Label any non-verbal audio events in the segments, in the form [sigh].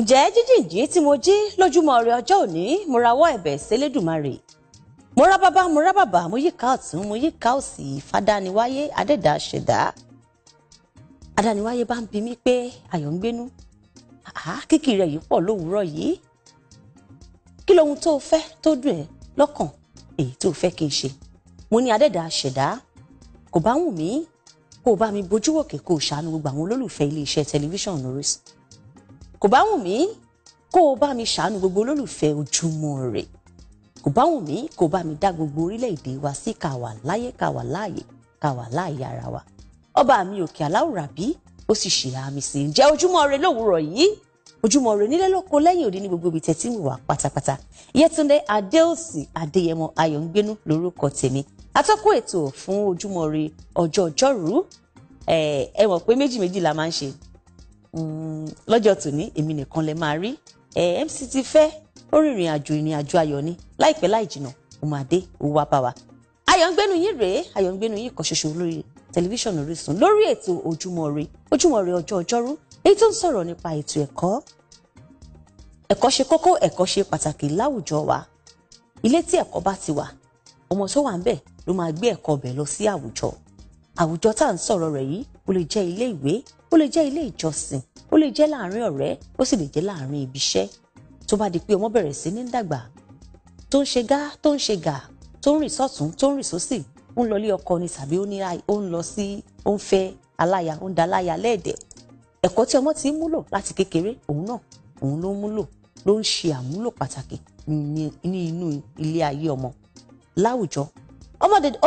ǹjẹ́ jíjìnjí tí mo jí lójúmọ́ rẹ ọjọ́ òní mo rawọ́ ẹ̀bẹ̀ sẹ́lẹ̀dùmarè mo rá bàbá mo rá bàbá mo yíká ọ̀tún mo yíká òsì fàdániwáyé adẹ́dàá ṣẹ̀dá adániwáyé bá ń bi mí pé ayọ̀ ń gbénú kíkì rẹ̀ yìí pọ̀ lówùúrọ̀ yìí kí lohun tó fẹ́ tó dùn ẹ́ lọ́kàn èyí tó fẹ́ kí n ṣe mo ní adẹ́dàá ṣẹ̀dá kò bá wù mí kó o bá mi bójú wòkè kó o ṣàánú gbogbo àwọn olólùfẹ́ iléeṣẹ́ tẹlifíṣàn Orísun kò bá wù mí kó o bá mi ṣàánú gbogbo olólùfẹ́ ojúmọ́ rẹ̀ kò bá wù mí kó o bá mi dá gbogbo orílẹ̀-èdè wa sí ká wà láyé ká wà láàyè ká wà láàyè ara wa ọba mi òkè aláwùrábí ó sì ṣe àmì sí ǹjẹ́ ojúmọ́ rẹ̀ lówùrọ̀ yìí ojúmọ́ rẹ̀ nílé lóko lẹ́yìn òde ní gbogbo ibi tẹ̀tí mi wà pátápátá Yẹtúndé Adéòsì Adéyẹmọ Ayọ̀ǹgbénú lórúkọ tèmi atọ́kùn ètò fún ojúmọ́ rẹ̀ ọjọ́ ọjọ́rú ẹ mọ̀ pé méjì méjì la máa ń ṣe Mm, lọ́jọ́ tòní èmi nìkan lè máa rí MC Tifẹ́ ó rìnrìn àjò ìrìn àjò ayọ̀ ni láìpẹ́ láì jìnà ó máa dé ó wá bá wa. ayọ̀ ń gbénu yín rèé ayọ̀ ń gbénu yín kan ṣoṣo lórí tẹlifíṣàn Orísun lórí ètò ojúmọ́ ire ojúmọ́ ire ọjọ́ ọjọ́rú èyí tó ń sọ̀rọ̀ nípa ètò ẹ̀kọ́ ẹ̀kọ́ ṣe kókó ẹ̀kọ́ ṣe pàtàkì láwùjọ wa ilé tí ẹ̀kọ́ bá ti wà ọmọ tó wà ń bẹ̀ ló máa gbé ẹ̀kọ́ bẹ̀ lọ sí àwùjọ àwùjọ tá à ń sọ̀rọ̀ rẹ̀ yìí ó lè jẹ́ ilé ìwé ó lè jẹ́ ilé ìjọsìn ó lè jẹ́ láàrin ọ̀rẹ́ ó sì lè jẹ́ láàrin ibi iṣẹ́ tó bá di pé ọmọ bẹ̀rẹ̀ sí ní dàgbà tó ń ṣe gá tó ń ṣe gà tó ń rìn sọ́tún tó ń rìn sósì ń lọ ilé ọkọ ni tàbí ó ń lọ sí ó ń fẹ́ aláya ó ń da aláya lẹ́ẹ̀dẹ̀ ẹ̀kọ́ tí ọmọ ti ń múlò láti kékeré òun náà òun ló ń múlò ló ń ṣe àmúlò pàtàkì ní inú ilé ayé ọmọ láwùjọ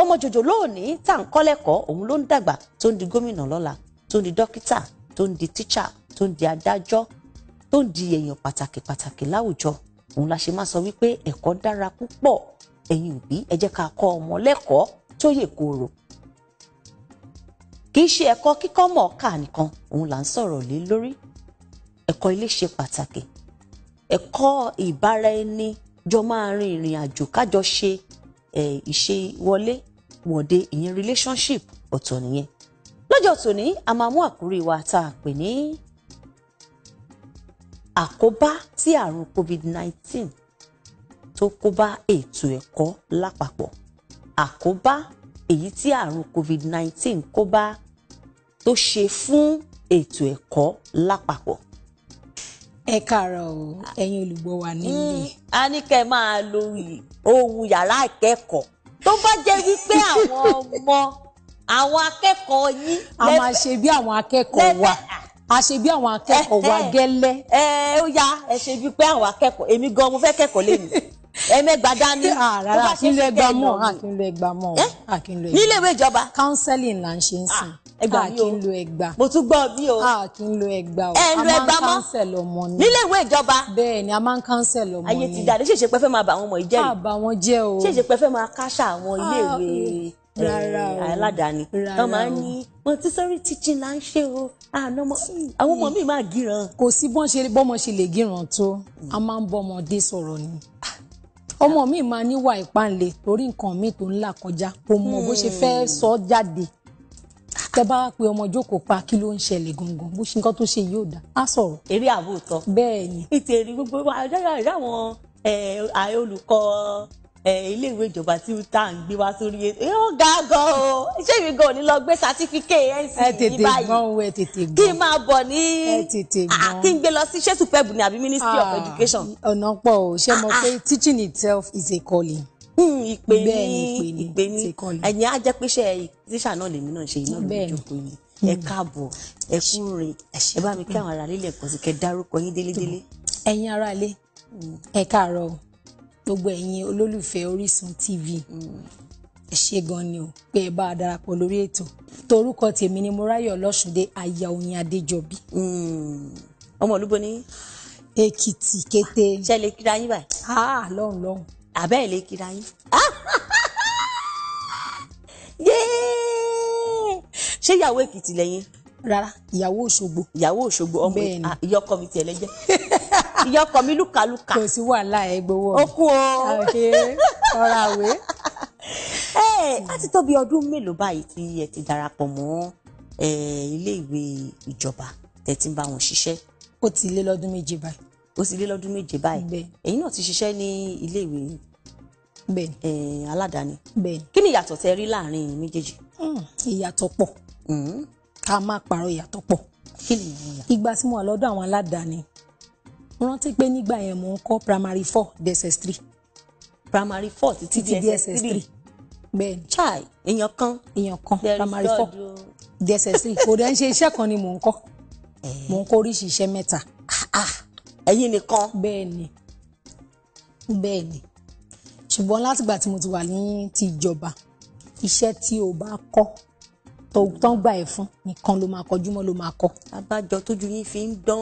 ọmọ jòjò lónìí tá à ń kọ́ lẹ́kọ̀ọ́ òun ló ń dàgbà tó ń di gómìnà lọ́la tó ń di dókítà tó ń di tíṣà tó ń di adájọ́ tó ń di èèyàn pàtàkì pàtàkì láwùjọ òun la ṣe máa sọ wípé ẹ̀kọ́ dára púpọ̀ ẹ̀yin òbí ẹ jẹ́ ká kọ́ ọmọ lẹ́kọ̀ọ́ tó yè kooro kì í ṣe ẹ̀kọ́ kíkọ́ mọ̀ọ́kà nìkan òun là ń sọ̀rọ̀ lé lórí ẹ̀kọ́ ilé ṣe pàtàkì ẹ̀kọ́ ìbáraẹni jọ máa rin ìrìn àjò kájọ ṣe ìṣe wọlé wọ̀de ìyẹn relationship ọ̀tọ̀ nìyẹn lọ́jọ́ tòní a máa mú àkórí wa tá a pè ní àkóbá tí àrùn covid-19 tó kó bá ètò ẹ̀kọ́ lápapọ̀ àkóbá èyí tí àrùn covid-19 kó bá tó ṣe fún ètò ẹ̀kọ́ lápapọ̀. ẹ káàárọ̀ o ẹ̀yin olùgbọ́ wa nílé. Hmm, a ní kẹ́ ẹ máa lo ohun yàrá ìkẹ́kọ̀ọ́ tó bá jẹ́ wípé àwọn ọmọ àwọn akẹ́kọ̀ọ́ yín. a máa ṣe bí àwọn akẹ́kọ̀ọ́ wa a ṣe bí àwọn akẹ́kọ̀ọ́ wa gẹ́lẹ́. ẹ ẹ ó yá ẹ ṣe bí pé àwọn akẹ́kọ̀ọ́ èmi gan mo fẹ́ kẹ́kọ̀ọ́ lẹ́nu [laughs] ẹmẹgba dání ah, tó bá ṣe ṣe kẹ lọ ah, ni ah, nílé ìwé ìjọba. [laughs] counseling là ń ṣe ń sìn a kì í lo ẹgba. mo tún gbọ́ bí o. a kì í lo ẹgba o. ẹ lo ẹgba mọ́ a máa ń cancel ọmọ ni. nílé ìwé ìjọba. bẹ́ẹ̀ a máa ń cancel ọmọ ni. ayé ti dáadé ṣèṣe pé fẹ́ máa bà àwọn ọmọ yìí a bà wọn jẹ́ o. ṣèṣe pé fẹ́ máa káṣá àwọn ilé aládàáni wọn máa ń ní Montessori teaching là ń ṣe o àwọn ọmọ mi máa gíran. kò sí bọ́mọ ṣe lè gíran tó a máa ń bọ́mọdé sọ̀rọ̀ ni ọmọ mi máa níwà ìpáǹle torí nǹkan mi tó ń là kọjá kò mọ bó ṣe fẹ́ hmm. sọ jáde tẹ bá pe ọmọ jókòó pa kí ló ń ṣẹlẹ̀ gangan bó ṣe nǹkan tó ṣe yóò dá á sọ̀rọ̀. eré àbòtọ. bẹ́ẹ̀ ni. ìtẹ̀rí gbogbo àdáyà ìdáwọn olùkọ́ ilé ìwé ìjọba tí tá à ń gbé wá sórí ẹ ó ga gan o ṣé èmi gan ò ní lọ gbé sátífíkẹ́ NCE yìí báyìí kí n máa bọ̀ ní kí n gbé lọ sí ṣé ni àbí ministry of ah, education. ọ̀nà pọ̀ o ṣé mo ah, pé ah. teaching itself is a calling hmm, ìpè ní ìpè ní ẹ̀yìn á jẹ́ pé ṣe tíṣà náà lèmi náà ṣe iná lórí ìjókòó yìí ẹ hmm. káàbọ̀ ẹ kúre ẹ bá mi kí àwọn ará lílẹ̀ pọ̀ sí kẹ dárúkọ yín délédélé. ẹ̀yin ará ẹ káàárọ̀ o gbogbo ẹ̀yin olólùfẹ́ Orísun TV ẹ ṣé gan ni o pé ẹ bá a darapọ̀ lórí ètò torúkọ tèmi ni Mọ́ráyọ̀ Ọlọ́ṣùndé aya Oyin Adéjọbí. Hmm. ọmọ olúbo ní. Èkìtì kété. ṣe lè kíra yín báyìí. ah lọ́hùn lọ́hùn. àbẹ́ ẹ̀ lè kíra yín. [laughs] ṣé ìyàwó Èkìtì lẹ́yìn. rárá ìyàwó Òṣogbo. ìyàwó Òṣogbo ọmọ ìyọkọ mi tiẹ̀ lẹ́jẹ̀. [laughs] ìyá ọkọ mi lùkàlùkà. kò sí wàhálà ẹ gbowó. ó kú o. ọ̀rọ̀ àwé. láti [laughs] tó bí ọdún mélòó báyìí tí ẹ ti darapọ̀ mọ́ ilé ìwé ìjọba tẹ́ ti ń bá wọn ṣiṣẹ́. ó ti lé lọ́dún méje báyìí. ó ti lé lọ́dún méje báyìí. ẹ̀yin náà ti ṣiṣẹ́ ní ilé ìwé aládàáni. kí ni ìyàtọ̀ tẹ́ rí láàrin méjèèjì. Hmm, ìyàtọ̀ pọ̀ hmm. ká má parọ́ ìyàtọ̀ pọ̀. kí ni ìyàtọ̀. ìgbà tí mo wà lọ́dọ̀ àwọn aládàáni mo rántí pé nígbà yẹn mo ń primary four dss three primary four títí di dss three bẹ́ẹ̀ chai èèyàn kan èèyàn kan primary four dss three kò dẹ́ ń ṣe iṣẹ́ kan ni mò ń kọ́ eh. mò ń kọ́ oríṣi iṣẹ́ mẹ́ta. Ah, ah. ẹ̀yin nìkan. bẹ́ẹ̀ ni bẹ́ẹ̀ ni ṣùgbọ́n látìgbà tí mo ti wà ní ti ìjọba iṣẹ́ tí o bá kọ́ tán gbà ẹ fún nìkan ló máa kọjú mọ́ ló máa kọ́. abájọ tójú yín fi ń dán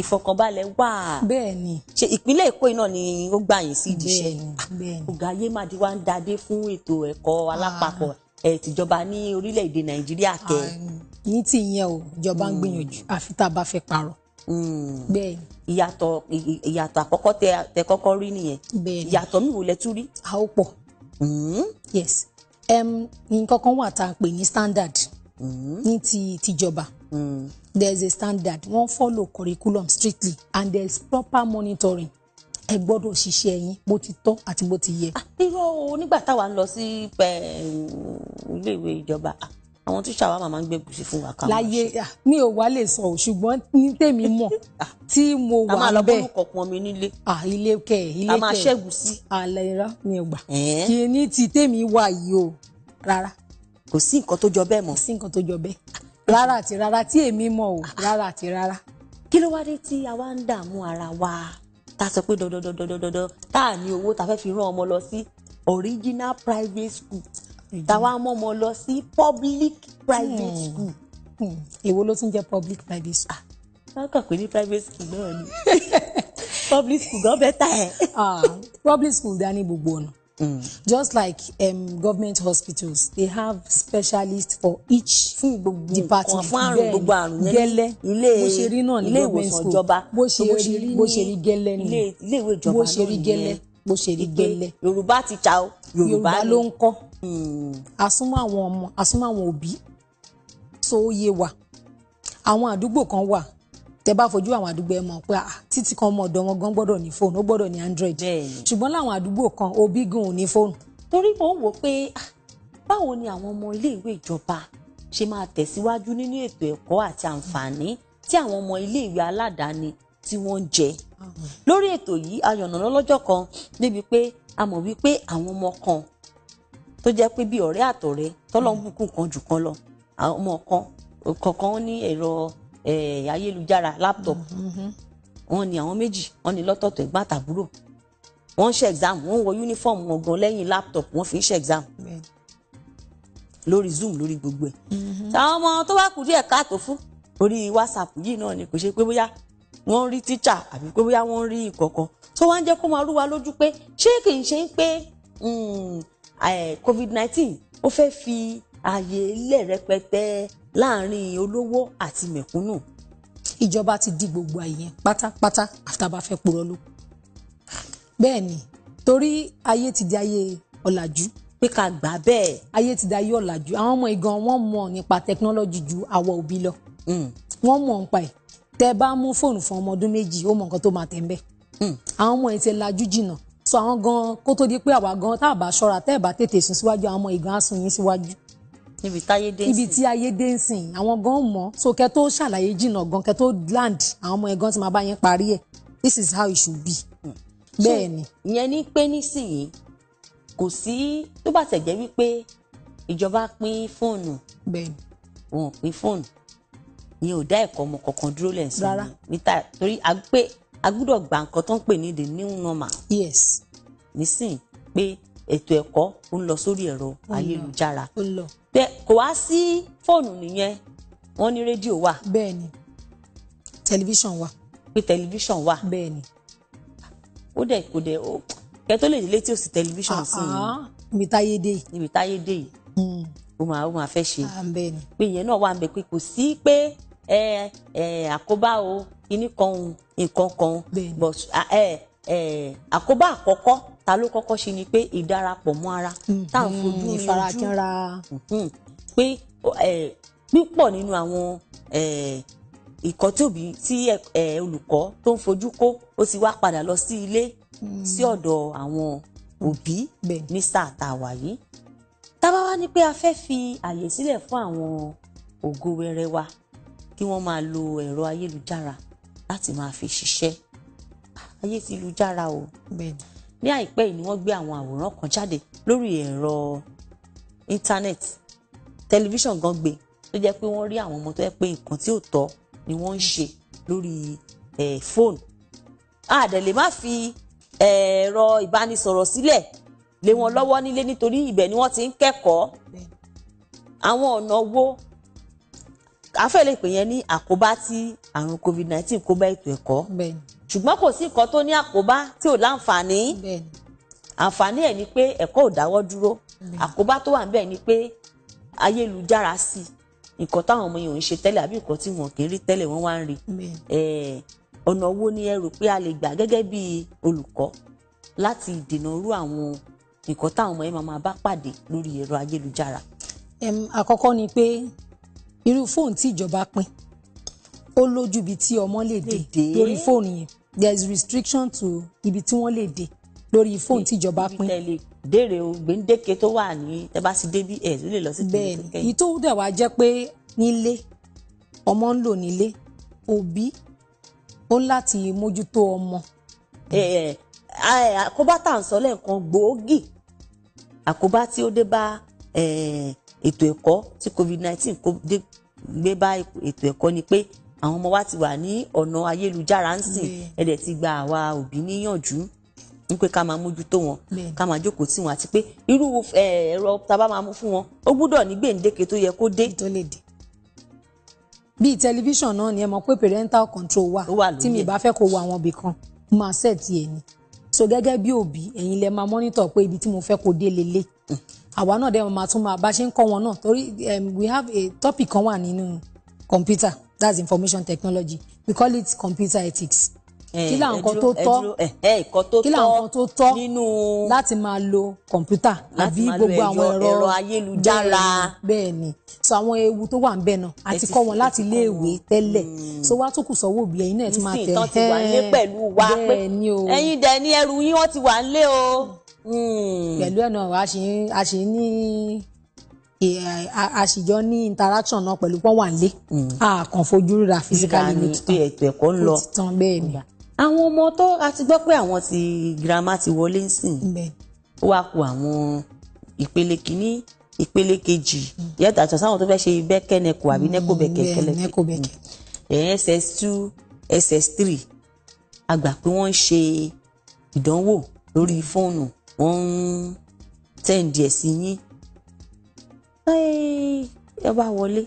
ìfọkànbalẹ̀ wà. bẹ́ẹ̀ ni. ṣe ìpínlẹ̀ èkó iná ni ó gbà yín sí ìdíṣẹ́. bẹ́ẹ̀ ni ah, ọ̀gá yémàdí wa ń dadé fún ètò ẹ̀kọ́ ah. alápapọ̀ ẹ̀ tìjọba ní orílẹ̀-èdè nàìjíríà kẹ́. Ah, yín tí ìyẹn o ìjọba ń hmm. gbìyànjú àfi tá a bá fẹ́ parọ́. Hmm. bẹ́ẹ̀ ni ìyàtọ̀ ìyàtọ̀ àkọ́kọ́ tẹ kọ́kọ́ rí nìyẹn ìyàtọ̀ mi wò a ó pọ̀. Hmm. yes nǹkan kan wà tá a pè ní standard mm-hmm. ní ti tìjọba mm. there is a standard wọ́n follow curriculum strictly and there is proper monitoring ẹ gbọ́dọ̀ ṣiṣẹ́ yín bó ti tọ́ àti bó ti yẹ. Ah, irọ́ o nígbà táwa ń lọ sí eh, iléèwé ìjọba ah, àwọn tíṣà wa máa ń gbé gùsì fún wa ká ṣe. Ah, mi ò wá lè sọ ṣùgbọ́n ní tèmi mọ̀ [laughs] tí mo wà bẹ́ẹ̀. a máa lọ bọ́ọ̀lù kọ̀ọ̀kan mi nílé. à ah, ilé kẹ ilé kẹ a máa ṣẹ́gun sí. àlẹ́ irọ́ mi ò gbà. kì í ní ti tèmi wà yìí o rárá. kò sí nǹkan tó jọ bẹ́ẹ̀ mọ́. kò sí nǹkan tó jọ bẹ́ẹ̀ rárá àti rárá tí èmi mọ̀ o rárá àti rárá. kí ló wá dé tí a wá ń dààmú ara wa tá a sọ pé dandandandandandan original private school táwa mọ́ ọmọ lọ sí public private hmm. school. Hmm. èwo ló tún jẹ́ public private school. Ah, wọ́n kàn pé ní private school náà ni [laughs] public school gan bẹ́tà ẹ̀. Ah, public school dá ní gbogbo ọ̀nà. Mm. Just like um, government hospitals, they have specialists for each fún gbogbo department. fún àrùn gbogbo àrùn yẹn gẹ́lẹ́ ilé bó ṣe rí náà ní government school bó ṣe rí bó ṣe rí gẹ́lẹ́ ni ilé ìwé ìjọba náà nìyẹn bó ṣe rí gẹ́lẹ́ bó ṣe rí gẹ́lẹ́. Yorùbá ti ta o Yorùbá ló ń kọ́ àsúnmọ́ àwọn ọmọ àsúnmọ́ àwọn òbí so ó yé wa àwọn àdúgbò kan wà tẹ bá fojú àwọn àdúgbò ẹ mọ̀ pé ah, títí kan ọmọ ọ̀dọ̀ wọn gan gbọ́dọ̀ ní fóònù ó gbọ́dọ̀ ní android ṣùgbọ́n láwọn àdúgbò kan òbí gan ò ní fóònù. torí mo ń wò pé ah, báwo ni àwọn ọmọ iléèwé ìjọba ṣe máa tẹ̀síwájú nínú ètò ẹ̀kọ́ àti àǹfààní tí àwọn ọmọ iléèwé aládàáni tí wọ́n ń jẹ. lórí ètò yìí ayọ̀nà lọ́lọ́jọ́ kan débi pé a mọ̀ wípé àwọn ọmọ kan tó jẹ́ pé bí ọ̀rẹ́ àtọ̀rẹ́ tọ́lọ́bùkún kan jù kan lọ ọmọ kan kọ̀ọ̀kan ní ẹ̀rọ ayélujára laptop mm-hmm. wọn ni àwọn méjì wọn ni lọ́tọ̀ọ̀tọ̀ ẹ̀gbọ́n àtàbúrò wọn ń ṣe exam wọn ń wọ uniform wọn gan lẹ́yìn laptop wọn fi ń ṣe exam lórí zoom lórí gbogbo ẹ̀ táwọn mm-hmm. ọmọ tó bá kù díẹ̀ káàtó fún orí whatsapp yìí náà ni kò ṣe pé bóyá wọ́n rí tíṣà àbí pé bóyá wọ́n rí ìkọ̀kọ̀ tó wá ń jẹ́ kó máa rú lójú pé ṣé kì í ṣe pé hmm, Eh, covid nineteen ó fẹ́ fi ààyè lẹ̀ rẹpẹtẹ láàrin olówó àti mẹ̀kúnnù. ìjọba ti di gbogbo àyẹn pátápátá àtàbà fẹ́ purọ́ ló. bẹ́ẹ̀ ni torí ayé ti di ayé ọ̀làjú pé ká gbà bẹ́ẹ̀. ayé ti di ayé ọ̀làjú àwọn ọmọ ìgan wọn mọ̀ nípa tẹkinọ́lọ́jì ju àwa òbí lọ. Hmm. wọ́n mọ̀ nípa ẹ̀ tẹ́ bá mú fóònù fún ọmọ ọdún méjì ó mọ nǹkan tó máa tẹ̀ ń bẹ̀. Hmm. àwọn ọmọ ẹ̀ ti lajú jìnnà so àwọn gan kó tó di pé àwa gan tá a bá ṣọ́ra tẹ́ ẹ̀ bá tètè sùn síwájú àwọn ọmọ ìgbà sùn yín síwájú ibi táyé dé nsìn ibi tí ayé dé nsìn àwọn gan mọ̀ so kẹ́ tó ṣàlàyé jìnnà gan kẹ́ tó land àwọn ọmọ yẹn gan ti máa bá yẹn parí ẹ̀ this is how it should be hmm. bẹ́ẹ̀ ni. ìyẹn ní pé nísìnyí kò sí tó bá tẹ̀ jẹ́ wípé ìjọba pín fóònù bẹ́ẹ̀ ni wọn ò pín fóònù ìyẹn ò dá ẹ̀kọ́ ọmọ kankan dúró lẹ́sìn a gbúdọ̀ gba nǹkan tó ń pè ní the new normal. yes. nísìn pé ètò ẹ̀kọ́ ó ń lọ sórí ẹ̀rọ ayélujára. ó lọ. bẹ kò wá sí fóònù nìyẹn wọ́n ní rédíò wà. bẹ́ẹ̀ni tẹlifíṣàn wà. pé tẹlifíṣàn wà. bẹ́ẹ̀ni. ó dẹ̀ kò dẹ̀ ó kẹ tó lè délé tí ò sí tẹlifíṣàn sí i. Ah, ah, níbi táyé dé yìí. níbi táyé dé yìí. Hmm. ó máa ó máa fẹ́ ṣe. Ah, bẹ́ẹ̀ni. pé ìyẹn náà wà ń bẹ pé kò sí pé àkóbá o kíní òun nǹkan kan but àkóbá àkọ́kọ́ ta ló kọ́kọ́ ṣe ni pé ìdarapọ̀ mọ́ ara mhm. tá à ń fojú ní ojú mhm. pé pípọ̀ nínú àwọn ìkọ́ tóbi tí olùkọ́ tó ń fojú kó ó ti wá padà lọ sí ilé mhm. sí ọ̀dọ̀ àwọn òbí ní sáà tá a wà yìí tá wá ní pé a fẹ́ fi àyè sílẹ̀ fún àwọn ògo wẹrẹ wa kí wọ́n máa lo ẹ̀rọ ayélujára láti máa fi ṣiṣẹ́ ah, ayé ti lu jára o ní àìpẹ́ yìí ni wọ́n gbé àwọn àwòrán kan jáde lórí ẹ̀rọ íńtánẹ́ẹ̀tì tẹlifíṣàn gan gbé tó jẹ́ pé wọ́n rí àwọn ọmọ tó yẹ pé nǹkan tí ò tọ́ ni wọ́n ń ṣe lórí fóònù àdẹ̀lẹ̀ má fi ẹ̀rọ ìbánisọ̀rọ̀ sílẹ̀ lé wọn lọ́wọ́ nílé nítorí ibẹ̀ ni wọ́n ti ń kẹ́kọ̀ọ́ àwọn ọ̀nà wo afẹ́ lè pè yẹn ní àkóbá tí àrùn covid nineteen kó bá ètò ẹ̀kọ́ ṣùgbọ́n kò sí nǹkan tó ní àkóbá tí ò láǹfààní àǹfààní ẹ̀ ni pé ẹ̀kọ́ ò dáwọ́ dúró àkóbá tó wà níbẹ̀ ni pé ayélujára sí nǹkan táwọn ọmọ yẹn ò ń ṣe tẹ́lẹ̀ àbí nǹkan tí wọn kì í rí tẹ́lẹ̀ wọ́n wá ń rí ọ̀nà wo ni ẹ rò pé a lè gbà gẹ́gẹ́ bí olùkọ́ láti dènà irú àwọn nǹkan táwọn ọmọ yẹn máa bá pàdé lórí ẹ̀rọ ayélujára. àkọ́kọ́ ni pé irú fóònù tí ìjọba pín ó lójú ibi tí ọmọ lè dé lórí fóònù yẹn there is restriction to ibi tí wọ́n lè dé lórí fóònù tí ìjọba pín. béèrè o gbèǹdéke tó wà ní ẹ bá ti débi ẹ ló lè lọ sí kìnìún kẹyìn. bẹ́ẹ̀ni ìtò dẹ wá jẹ́ pé nílé ọmọ ń lò nílé òbí ó láti mójútó ọmọ. àkóbá tá ń sọ lẹ́ẹ̀kan gbòógì àkóbá tí ó dé bá ètò ẹ̀kọ́ tí covid-19 kó gbé bá ètò ẹ̀kọ́ ni pé àwọn ọmọ wa ti wà ní ọ̀nà ayélujára ń sìn ẹ̀dẹ̀ ti gba àwa òbí níyànjú ń pé ká máa mójútó wọn ká máa jókòó tì wọn àti pé irú ẹ̀rọ tá a bá máa mú fún wọn ó gbúdọ̀ ní gbèǹdéke tó yẹ kó dé bíi tẹlifíṣàn náà ni ẹ mọ̀ pé parental control wà tí mi bá fẹ́ kó wo àwọn ibì kan máa ṣẹ̀ tiẹ̀ ni so gẹ́gẹ́ bí òbí ẹ̀yin lẹ máa mọ́nítọ̀ pé ibi tí mo fẹ́ kó dé lélẹ̀ mm àwa náà dẹ́ máa tún máa bá ṣe ń kọ́ wọn náà torí um, we have a topic kan wà nínú computer that's information technology we call it computer ethics eh, kí là nǹkan eh, eh, tó tọ́ kí là nǹkan tó tọ́ láti máa lo kọ̀ǹpútà àbí gbogbo àwọn ẹ̀rọ ayélujára bẹ́ẹ̀ ni so àwọn ewu tó wà ń bẹ̀ náà àti kọ́ wọn láti iléèwé tẹ́lẹ̀ hmm. so wá tó kù sọ́wọ́ òbí ẹ̀yin náà ti máa tẹ̀ ẹ́ bẹ́ẹ̀ ni o ẹ̀yin dẹ̀ ni ẹrù yín wọ́n ti wà ń lé o. Hmm. pẹ̀lú ẹ̀ náà a ṣì ní àṣìjọ ní interaction náà pẹ̀lú pọ́n wà lé àkàn hmm. fojú rírà physically ní títàn ẹ̀kọ́ ń lọ títàn bẹ́ẹ̀ ni. àwọn ọmọ tó a ti gbọ́ pé àwọn ti girama ti wọlé ń sìn ó wá ku àwọn ìpele kìíní ìpele kejì hmm. yẹtà àtọ sáwọn tó fẹ́ ṣe bẹ́kẹ́ nẹkọ àbí nẹkọ bẹ́kẹ́ kẹlẹ́ ẹ̀yẹn ss two, ss3 a gbà pé wọ́n ń ṣe ìdánwò lórí fóònù wọ́n ń tẹ̀ǹdì ẹ̀ sí yín ẹ bá wọlé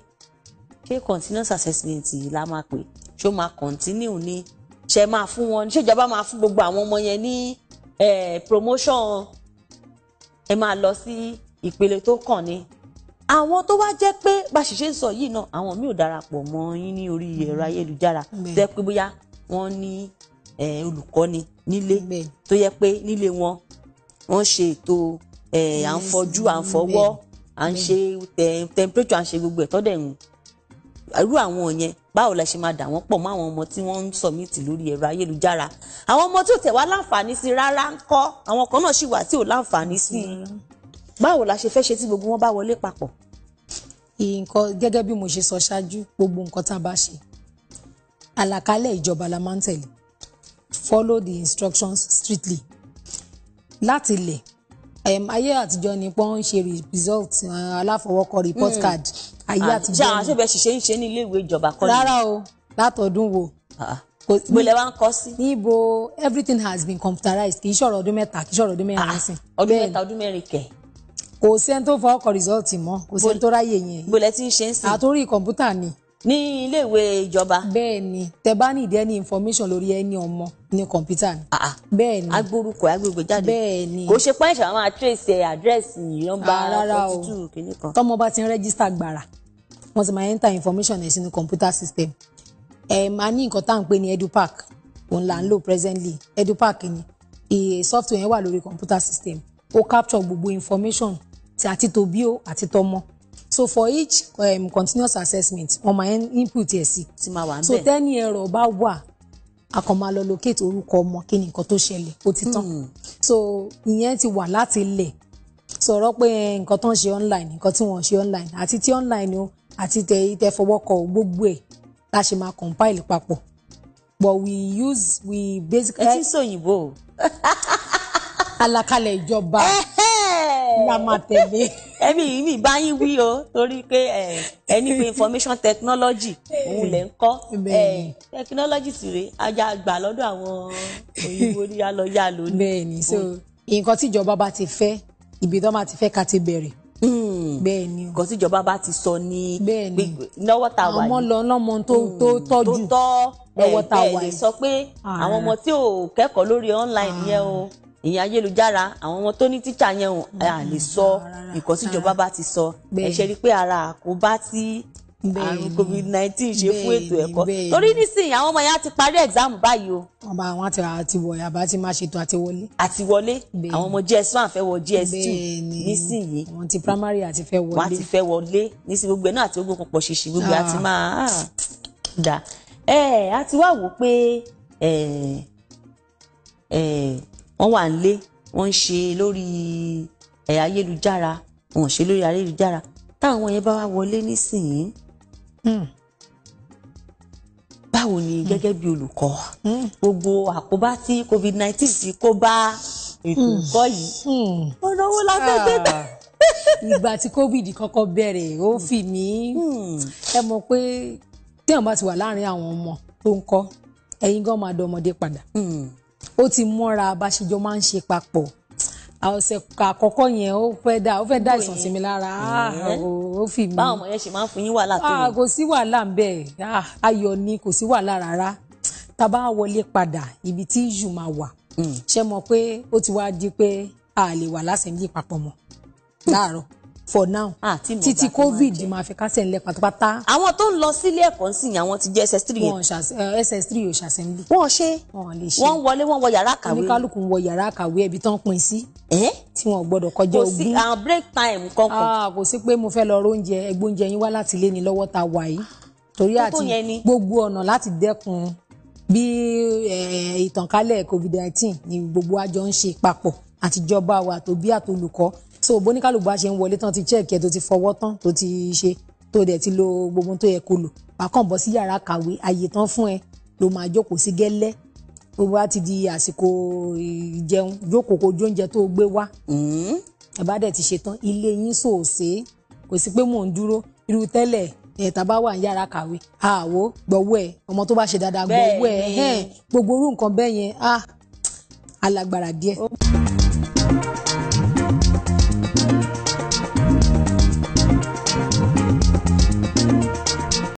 ṣé continuous assessment yìí la máa pè ṣó máa continue ní ṣe máa fún wọn ṣèjọba máa fún gbogbo àwọn ọmọ yẹn ní promotion ẹ máa lọ sí ìpele tó kàn ní àwọn tó wá jẹ́ pé bá ṣiṣẹ́ ń sọ yìí náà àwọn mi ò darapọ̀ mọ́ yín ní orí ẹ̀rọ ayélujára tẹ́ pé bóyá wọ́n ní olùkọ́ni nílé tó yẹ pé nílé wọn wọ́n ṣe ètò à ń fọjú à ń fọwọ́ à ń ṣe temperature à ń ṣe gbogbo ẹ̀ tọ́dẹ̀ ń irú àwọn yẹn báwo la ṣe máa dà wọ́n pọ̀ mọ́ àwọn ọmọ tí wọ́n ń sọ̀mìtì lórí ẹ̀rọ ayélujára àwọn ọmọ tí ò tẹ̀ wá láǹfààní sí rárá ń kọ́ àwọn kan náà sì wà tí ò láǹfààní sí i báwo la ṣe fẹ́ ṣe tí gbogbo wọn bá wọlé papọ̀. nǹkan gẹ́gẹ́ bí mo ṣe sọ ṣáájú gbogbo nǹkan tá a bá ṣe àlàkalẹ̀ ìjọba la máa ń tẹ̀lé follow the instructions strictly láti lè um, ayé àtijọ́ ni pọ́n ń ṣe result uh, aláfọwọ́kọ report mm. card ayé ah, àtijọ́ ni. àjà àwọn àṣẹbẹ̀ ṣiṣẹ́ ń ṣe ní ilé ìwé ìjọba kọ́ni. rárá o látọ̀dún wo. gbọ́lẹ̀ ah, wa ń kọ́ sí. níbo everything has been computerized kì í ṣọ̀rọ̀ ọdún mẹ́ta kì í ṣọ̀rọ̀ ọdún mẹ́rin ah, sí. ọdún mẹ́ta ọdún mẹ́rin kẹ̀. kò sẹ́ni tó fọwọ́kọ result mọ́ kò sẹ́ni tó ráyè yẹn. gbọ́lẹ̀ ti ń ṣe ń sìn. àtòrí kọ̀ǹpútà ni ní iléèwé ìjọba. bẹ́ẹ̀ni tẹ bá ní ìdí ẹni information lórí ẹni ọmọ ní kọ̀ǹpútà ni. Ah, ah. bẹ́ẹ̀ni agbórúkọ agbègbè jáde. bẹ́ẹ̀ni kò ṣe pọ́ńṣà máa trace àdírẹ́sì nọ́mbà òtútù ah, kìíní kan. tọmọ bá ti ń rẹ́gísítà gbàrà wọ́n ti máa enter information ẹ̀ sínú kọ̀ǹpútà system. ẹ máa ní nǹkan tá à ń pè ní edupac òun là ń lò presently edupac ni ìyè software yẹn wà lórí kọ̀ǹpútà system ó capture gbogbo information ti àti tòbí o àti so for each um, continuous assessment wọn máa input ẹ̀ sí. ti so tẹ́ni ẹ̀rọ bá wa, a kàn locate orúkọ ọmọ kí ni nǹkan tó ṣẹlẹ̀ ó ti tán hmm. so ìyẹn ti wà láti ilẹ̀ sọ̀rọ̀ pé eh, nǹkan tó ń ṣe online nǹkan tí wọ́n ṣe online àti ti online o àti tẹ tẹ fọwọ́ kọ gbogbo ẹ̀ la ṣe máa compile papọ̀ but we use we basically. ẹ ti ń sọ òyìnbó. àlàkalẹ̀ [laughs] ìjọba. [laughs] la máa tẹ̀lé. ẹ̀mí [laughs] mi bá yín wí o torí pé eh, ẹni pé information technology òun lẹ̀ ń kọ́ eh, technology sì rèé ajá gbà lọ́dọ̀ àwọn òyìnbó ní alọ́yà lónìí. bẹ́ẹ̀ni so nǹkan tíjọba bá ti fẹ́ ibi tó máa ti fẹ́ ká ti bẹ̀rẹ̀ hmm. bẹ́ẹ̀ ni nǹkan tíjọba bá ti sọ ní lọ́wọ́ tá a wà yìí àwọn lọ lọ́mọ tó hmm, tọ́jú lọ́wọ́ eh, tá a wà yìí. ẹ ẹ sọ pé àwọn ah. ọmọ tí ò kẹ́kọ̀ọ́ lórí online yẹn o. Ah ìyẹn ayélujára àwọn ọmọ tó ní tíṣà yẹn hàn à lè mm-hmm. sọ ìkọ́ tíjọba bá ti sọ ẹ ṣe rí i pé ara àkóbá tí àrùn covid nineteen ṣe fún ètò ẹ̀kọ́ torí nísìnyí àwọn ọmọ yẹn á ti parí exam báyìí o. ọba àwọn àti àti wọ̀nyí àbá ti máa ṣètò àtiwọlé. àtiwọlé àwọn ọmọ js one fẹ́ wọ js two nísìnyí. wọn ti primary àti fẹ́ wọlé. wọn ti fẹ́ wọlé nísìnyí gbogbo ẹ̀ náà àti gbogbo pọ̀ ṣèṣì gbogbo àti ah. máa ah, dà. ẹ ẹ a ti wá wò pé ẹ ẹ wọ́n wà nílé wọ́n ń ṣe lórí ẹ̀yà eh, ayélujára wọ́n ṣe lórí ayélujára táwọn yẹn bá wá wọlé nísìnyí hmm. báwo ni hmm. gẹ́gẹ́ bí olùkọ́ hmm. gbogbo àkóbá tí covid nineteen ti kó bá ètò ẹ̀kọ́ yìí wọ́n náwó lápẹ́tẹ́ tà. ìgbà tí covid kọ́kọ́ bẹ̀rẹ̀ ó fi mí ẹ mọ̀ pé téèyàn bá ti wà láàrin àwọn ọmọ tó ń kọ́ ẹ̀yin gan máa dọ ọmọdé padà ó ti mọ́ra abáṣejọ máa ń ṣe papọ̀ ọ̀sẹ̀ àkọ́kọ́ yẹn ó fẹ́ dá ó fẹ́ dá ìsàn sí mi lára ah, ó fi mi. báwọn ọmọ yẹn ṣe máa ń fún yín wàhálà tó yẹn. Ah, kò sí wàhálà ń bẹ ah, ayọ̀ ni kò sí wàhálà rárá tá a bá wọlé padà ibi tí yù máa wà hmm. ṣé mọ̀ pé ó ti wá di pé a lè wà lásìmílì papọ̀ mọ́ láàárọ̀ for now ah, Titi covid máa fi kásẹ̀ ńlẹ̀ pátápátá. àwọn tó ń lọ sílé ẹ̀kọ́ ń sìn àwọn ti jẹ́ ss3 yẹn. wọn ss3 yóò ṣàṣẹ́mbì. wọ́n eh, ṣe wọ́n wọlé wọ́n wọ yàrá kàwé. oníkálukú wọ yàrá kàwé ẹbí tán pin sí. tí wọn gbọ́dọ̀ kọjá ogún. kò sí àwọn ah, break time kankan. Ah, kò sí pé mo fẹ́ lọ róúnjẹ ẹgbẹ́ oúnjẹ yín wá láti ilé ni lọ́wọ́ ta wà yìí torí àti gbogbo ọ̀nà láti dẹ́kun bí eh, ìtànkálẹ̀ covid-19 ni gbogbo àjọ ń ṣe papọ̀ àtijọba wa àtòbí àtolùkọ́ so bóníkàlùkù bá ṣe ń wọlé tán ti check ẹ tó ti fọwọ́ tán tó ti ṣe tó dẹ̀ ti lo gbogbo tó yẹ kó lò pàkàn bọ́ sí yàrá kàwé àyè tán fún ẹ ló máa jókòó sí gẹ́lẹ́ gbogbo á ti di àsìkò ìjẹun jókòó kó jóúnjẹ tó gbé wá mm-hmm. ẹ bá dẹ̀ ti ṣe tán ilé yín sòòsè kò sí pé mò ń dúró irú tẹ́lẹ̀ ẹ̀ẹ̀ta bá wà ń yára kàwé àwo gbọ̀wọ́ ẹ̀ ọmọ tó bá ṣe dáadáa gbọ̀wọ́ ẹ̀ gbogbo orú nǹkan bẹ́ẹ̀ yẹn alágbára díẹ̀.